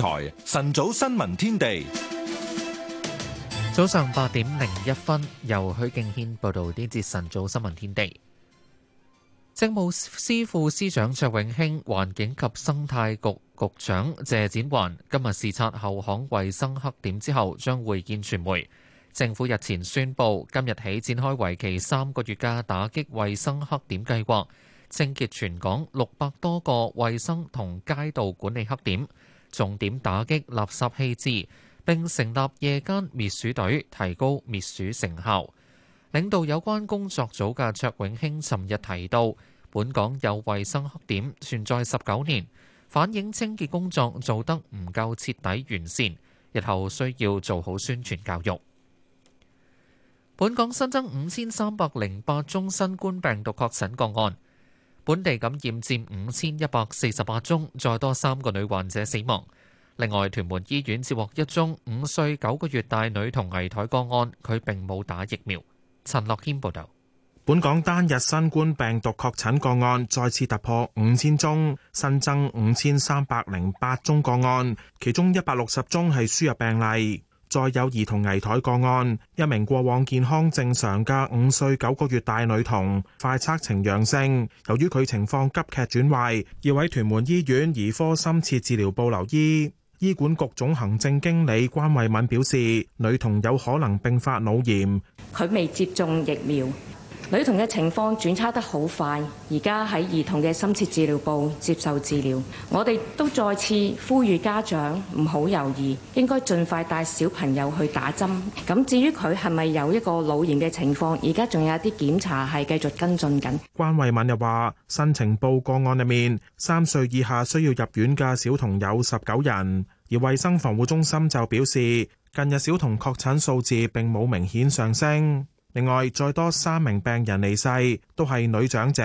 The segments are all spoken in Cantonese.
台晨早新聞天地，早上八點零一分，由許敬軒報道呢節晨早新聞天地。政務司副司長卓永興、環境及生態局局長謝展環今日視察後巷衛生黑點之後，將會見傳媒。政府日前宣布，今日起展開為期三個月嘅打擊衛生黑點計劃，清潔全港六百多個衛生同街道管理黑點。重點打擊垃圾棄置，並成立夜間滅鼠隊，提高滅鼠成效。領導有關工作組嘅卓永興尋日提到，本港有衞生黑點存在十九年，反映清潔工作做得唔夠徹底完善，日後需要做好宣傳教育。本港新增五千三百零八宗新冠病毒確診個案。本地感染佔五千一百四十八宗，再多三個女患者死亡。另外，屯門醫院接獲一宗五歲九個月大女童危殆個案，佢並冇打疫苗。陳樂軒報道，本港單日新冠病毒確診個案再次突破五千宗，新增五千三百零八宗個案，其中一百六十宗係輸入病例。再有兒童危殆個案，一名過往健康正常嘅五歲九個月大女童，快測呈陽性，由於佢情況急劇轉壞，要喺屯門醫院兒科深切治療部留醫。醫管局總行政經理關慧敏表示，女童有可能並發腦炎，佢未接種疫苗。女童嘅情況轉差得好快，而家喺兒童嘅深切治療部接受治療。我哋都再次呼籲家長唔好猶豫，應該盡快帶小朋友去打針。咁至於佢係咪有一個腦炎嘅情況，而家仲有一啲檢查係繼續跟進緊。關惠敏又話：新呈報個案入面，三歲以下需要入院嘅小童有十九人，而衛生防護中心就表示，近日小童確診數字並冇明顯上升。另外，再多三名病人離世，都係女長者，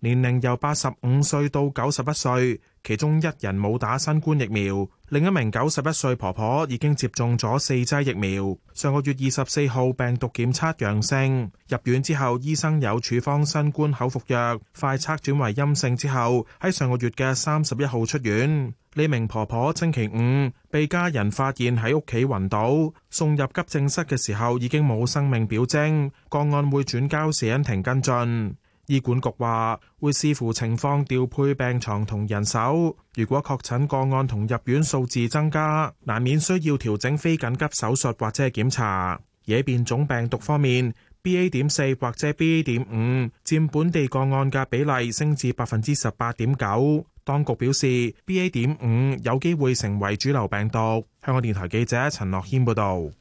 年齡由八十五歲到九十一歲。其中一人冇打新冠疫苗，另一名九十一歲婆婆已經接種咗四劑疫苗。上個月二十四號病毒檢測陽性，入院之後醫生有處方新冠口服藥，快測轉為陰性之後，喺上個月嘅三十一號出院。呢名婆婆星期五被家人發現喺屋企暈倒，送入急症室嘅時候已經冇生命表徵，個案會轉交死因庭跟進。醫管局話會視乎情況調配病床同人手，如果確診個案同入院數字增加，難免需要調整非緊急手術或者係檢查。而喺變種病毒方面，BA. 點四或者 BA. 點五佔本地個案嘅比例升至百分之十八點九。當局表示，BA. 點五有機會成為主流病毒。香港電台記者陳樂謙報道。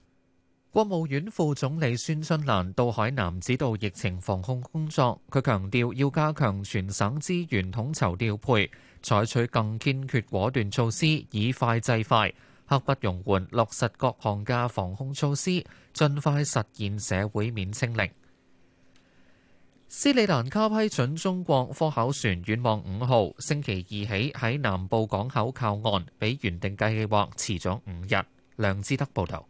國務院副總理孫春蘭到海南指導疫情防控工作。佢強調要加強全省資源統籌調配，採取更堅決果斷措施，以快制快，刻不容緩落實各項嘅防控措施，盡快實現社會面清零。斯里蘭卡批准中國科考船遠望五號星期二起喺南部港口靠岸，比原定計劃遲咗五日。梁志德報道。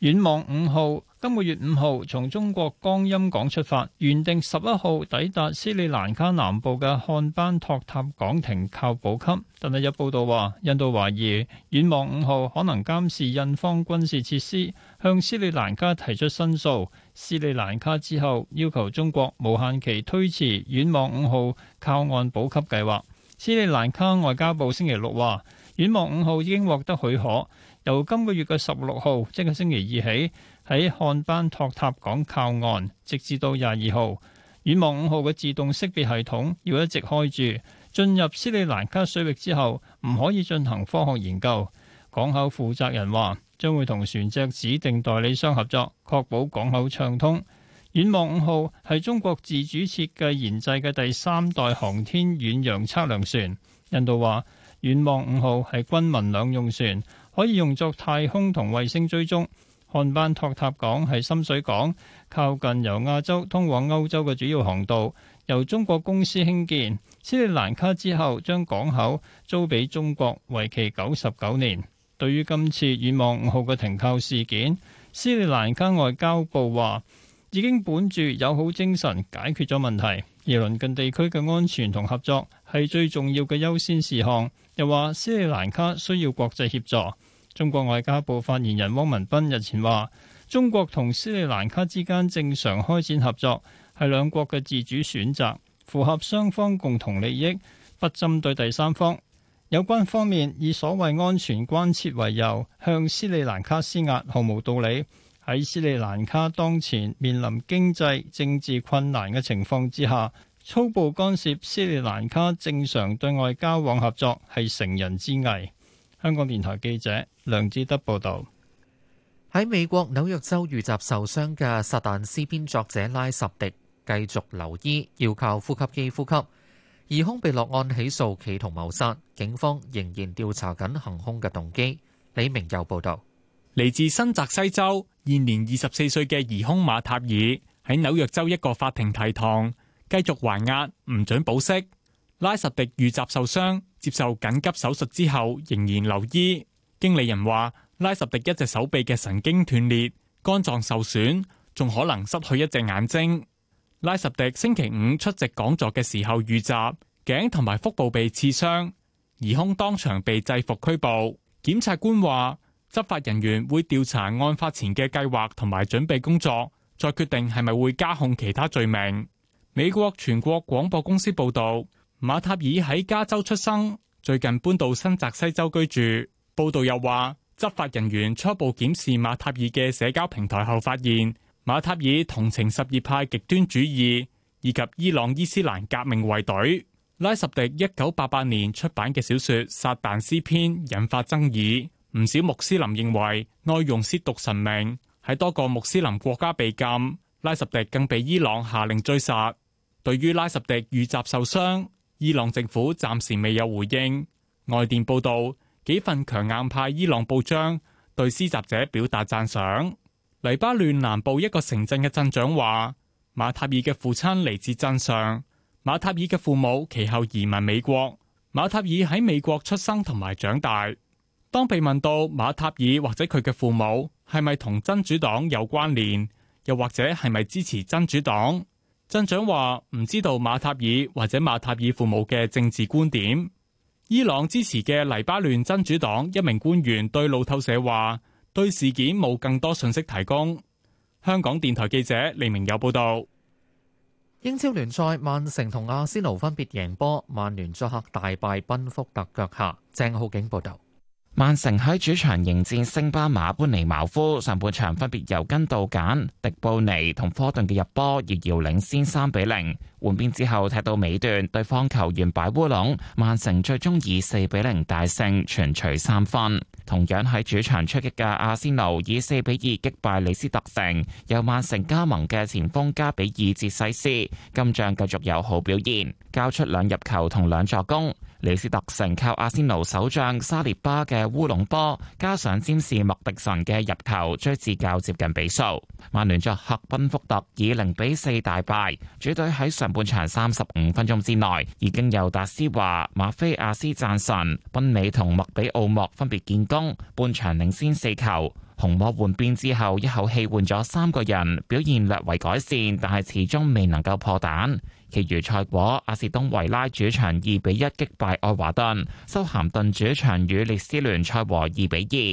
遠望五號今個月五號從中國江陰港出發，原定十一號抵達斯里蘭卡南部嘅漢班托塔港停靠補給，但係有報道話，印度懷疑遠望五號可能監視印方軍事設施，向斯里蘭卡提出申訴。斯里蘭卡之後要求中國無限期推遲遠望五號靠岸補給計劃。斯里蘭卡外交部星期六話，遠望五號已經獲得許可。由今個月嘅十六號即係星期二起喺漢班托塔港靠岸，直至到廿二號。遠望五號嘅自動識別系統要一直開住。進入斯里蘭卡水域之後，唔可以進行科學研究。港口負責人話，將會同船隻指定代理商合作，確保港口暢通。遠望五號係中國自主設計研製嘅第三代航天遠洋測量船。印度話，遠望五號係軍民兩用船。可以用作太空同衛星追蹤。漢班托塔港係深水港，靠近由亞洲通往歐洲嘅主要航道，由中國公司興建。斯里蘭卡之後將港口租俾中國，為期九十九年。對於今次遠望五號嘅停靠事件，斯里蘭卡外交部話已經本住友好精神解決咗問題。而鄰近地區嘅安全同合作係最重要嘅優先事項。又話斯里蘭卡需要國際協助。中國外交部發言人汪文斌日前話：中國同斯里蘭卡之間正常開展合作係兩國嘅自主選擇，符合雙方共同利益，不針對第三方。有關方面以所謂安全關切為由向斯里蘭卡施壓毫無道理。喺斯里蘭卡當前面臨經濟、政治困難嘅情況之下，粗暴干涉斯里蘭卡正常對外交往合作係成人之危。香港電台記者梁志德報道。喺美國紐約州遇襲受傷嘅《撒旦詩篇》作者拉什迪繼續留醫，要靠呼吸機呼吸。疑兇被落案起訴企圖謀殺，警方仍然調查緊行兇嘅動機。李明又報道。嚟自新澤西州現年二十四歲嘅疑兇馬塔爾喺紐約州一個法庭提堂，繼續還押，唔准保釋。拉什迪遇襲受傷，接受緊急手術之後仍然留醫。經理人話，拉什迪一隻手臂嘅神經斷裂，肝臟受損，仲可能失去一隻眼睛。拉什迪星期五出席講座嘅時候遇襲，頸同埋腹部被刺傷，疑兇當場被制服拘捕。檢察官話。執法人員會調查案發前嘅計劃同埋準備工作，再決定係咪會加控其他罪名。美國全國廣播公司報道，馬塔爾喺加州出生，最近搬到新澤西州居住。報道又話，執法人員初步檢視馬塔爾嘅社交平台後，發現馬塔爾同情什葉派極端主義以及伊朗伊斯蘭革命衛隊。拉什迪一九八八年出版嘅小說《撒旦詩篇》引發爭議。唔少穆斯林認為內容褻瀆神明，喺多個穆斯林國家被禁。拉什迪更被伊朗下令追殺。對於拉什迪遇襲受傷，伊朗政府暫時未有回應。外電報道，幾份強硬派伊朗報章對施襲者表達讚賞。黎巴嫩南部一個城鎮嘅鎮長話，馬塔爾嘅父親嚟自鎮上，馬塔爾嘅父母其後移民美國，馬塔爾喺美國出生同埋長大。當被問到馬塔爾或者佢嘅父母係咪同真主黨有關聯，又或者係咪支持真主黨，鎮長話唔知道馬塔爾或者馬塔爾父母嘅政治觀點。伊朗支持嘅黎巴嫩真主黨一名官員對路透社話，對事件冇更多信息提供。香港電台記者李明有報道。英超聯賽，曼城同阿仙奴分別贏波，曼聯作客大敗，賓福特腳下。鄭浩景報道。曼城喺主場迎戰升班馬般尼茅夫，上半場分別由根杜簡、迪布尼同科頓嘅入波，遙遙領先三比零。換邊之後踢到尾段，對方球員擺烏龍，曼城最終以四比零大勝，全取三分。同樣喺主場出擊嘅阿仙奴以四比二擊敗李斯特城，由曼城加盟嘅前鋒加比爾捷西斯今仗繼續有好表現，交出兩入球同兩助攻。李斯特城靠阿仙奴守將沙列巴嘅烏龍波，加上占士莫迪臣嘅入球，追至較接近比數。曼聯作客賓福特以零比四大敗，主隊喺上。半場三十五分鐘之內，已經由達斯華、馬菲亞斯、贊臣、賓美同麥比奧莫分別建功，半場領先四球。紅魔換邊之後一口氣換咗三個人，表現略為改善，但係始終未能夠破蛋。其餘賽果：阿士東維拉主場二比一擊敗愛華頓，修咸頓主場與列斯聯賽和二比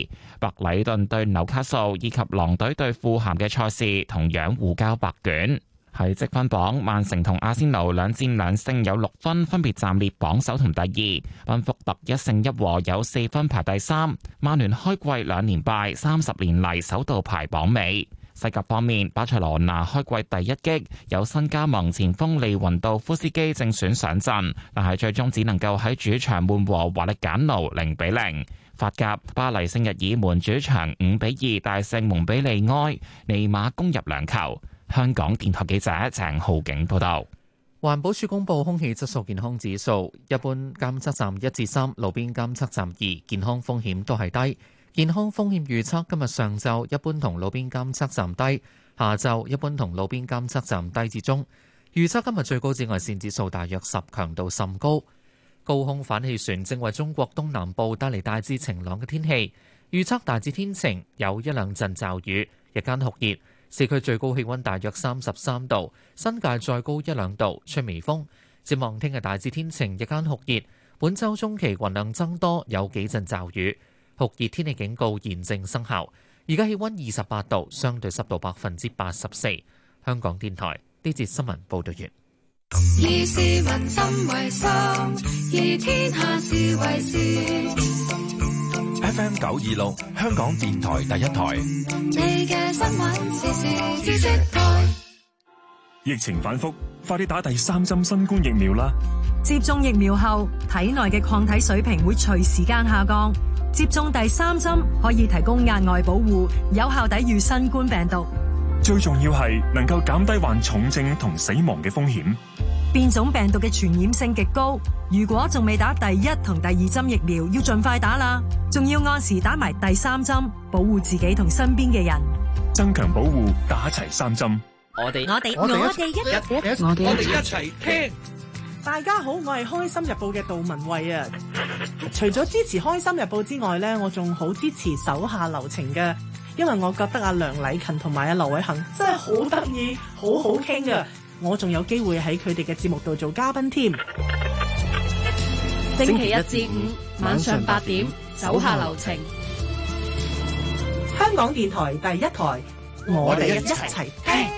二，白禮頓對紐卡素以及狼隊對富咸嘅賽事同樣互交白卷。喺積分榜，曼城同阿仙奴兩戰兩勝，有六分，分別暫列榜首同第二。賓福特一勝一和，有四分，排第三。曼聯開季兩連敗，三十年嚟，首度排榜尾。西甲方面，巴塞羅那開季第一擊，有新加盟前鋒利雲道夫斯基正選上陣，但係最終只能夠喺主場悶和華力簡奴零比零。法甲，巴黎聖日耳門主場五比二大勝蒙比利埃，尼馬攻入兩球。香港電台記者鄭浩景報道，環保署公布空氣質素健康指數，一般監測站一至三，路邊監測站二，健康風險都係低。健康風險預測今日上晝一般同路邊監測站低，下晝一般同路邊監測站低至中。預測今日最高紫外線指數大約十，強度甚高。高空反氣旋正為中國東南部帶嚟大致晴朗嘅天氣，預測大致天晴，有一兩陣驟、驟雨，日間酷熱。市區最高氣溫大約三十三度，新界再高一兩度，吹微風。展望聽日大致天晴，日間酷熱。本周中期雲量增多，有幾陣驟雨。酷熱天氣警告現正生效。而家氣溫二十八度，相對濕度百分之八十四。香港電台呢節新聞報道完。以 FM 九二六，26，香港電台第一台。台疫情反覆快啲打第三針新冠疫苗啦！接種疫苗後，體內嘅抗體水平會隨時間下降，接種第三針可以提供額外保護，有效抵禦新冠病毒，最重要係能夠減低患重症同死亡嘅風險。變種病毒嘅傳染性極高，如果仲未打第一同第二針疫苗，要盡快打啦！仲要按時打埋第三針，保護自己同身邊嘅人，增強保護，打齊三針。我哋們我哋們我哋一我哋一齊聽。大家好，我係開心日報嘅杜文慧啊！ 除咗支持開心日報之外咧，我仲好支持手下留情嘅，因為我覺得阿梁禮勤同埋阿劉偉恆真係好得意，好好傾啊！ 我仲有機會喺佢哋嘅節目度做嘉賓添。星期一至五晚上八點，手下留情。香港電台第一台，我哋一齊聽。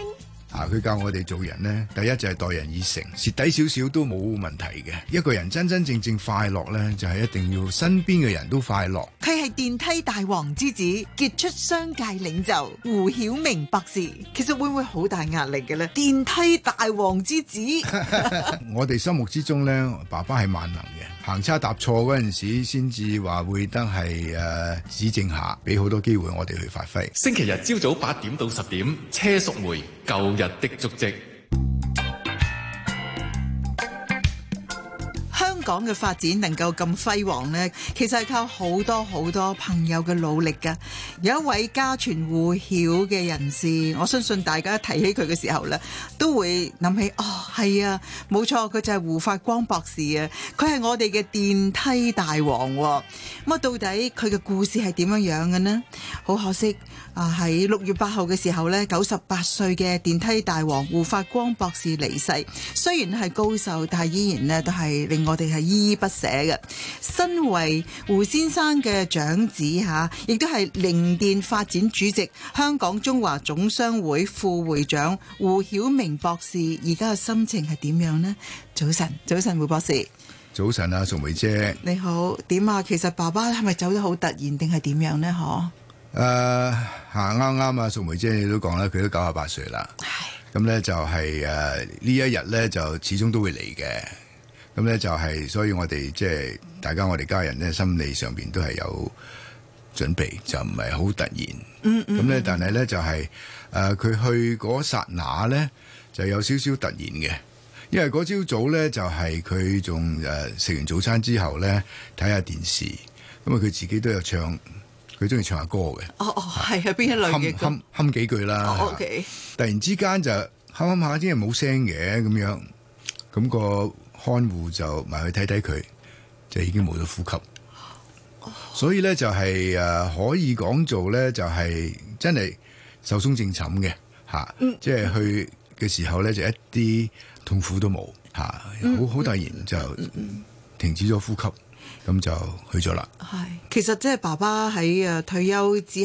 嗱，佢教我哋做人呢，第一就係待人以誠，蝕底少少都冇問題嘅。一個人真真正正快樂呢，就係一定要身邊嘅人都快樂。佢係電梯大王之子，傑出商界領袖胡曉明博士，其實會唔會好大壓力嘅呢？電梯大王之子， 我哋心目之中呢，爸爸係萬能嘅。行差踏錯嗰陣時，先至話會得係誒指正下，俾好多機會我哋去發揮。星期日朝早八點到十點，車淑梅。舊日的足跡，香港嘅發展能夠咁輝煌呢，其實係靠好多好多朋友嘅努力噶。有一位家傳戶曉嘅人士，我相信大家提起佢嘅時候呢，都會諗起哦，係啊，冇錯，佢就係胡法光博士啊！佢係我哋嘅電梯大王喎。咁到底佢嘅故事係點樣樣嘅呢？好可惜。啊！喺六月八號嘅時候呢，九十八歲嘅電梯大王胡法光博士離世。雖然係高壽，但係依然呢都係令我哋係依依不捨嘅。身為胡先生嘅長子吓、啊，亦都係菱電發展主席、香港中華總商會副會長胡曉明博士，而家嘅心情係點樣呢？早晨，早晨，胡博士，早晨啊，宋梅姐，你好，點啊？其實爸爸係咪走得好突然定係點樣呢？嗬？誒吓啱啱啊，淑梅姐你都講啦，佢都九十八歲啦。係咁咧，就係、是、誒、啊、呢一日咧，就始終都會嚟嘅。咁、嗯、咧就係、是，所以我哋即係大家，我哋家人咧心理上邊都係有準備，就唔係好突然。咁咧、嗯嗯嗯，但係咧就係誒佢去嗰剎那咧，就有少少突然嘅，因為嗰朝早咧就係佢仲誒食完早餐之後咧睇下電視，因為佢自己都有唱。佢中意唱下歌嘅，哦哦，係啊，邊一類嘅歌？哼哼幾句啦，哦 okay、突然之間就哼哼下，啲人冇聲嘅咁樣，咁個看護就埋去睇睇佢，就已經冇咗呼吸，哦、所以咧就係誒，可以講做咧就係真係壽終正寢嘅吓，即係、嗯、去嘅時候咧就一啲痛苦都冇吓，好好、嗯嗯、突然就停止咗呼吸。咁就去咗啦。係，其實即係爸爸喺誒退休之。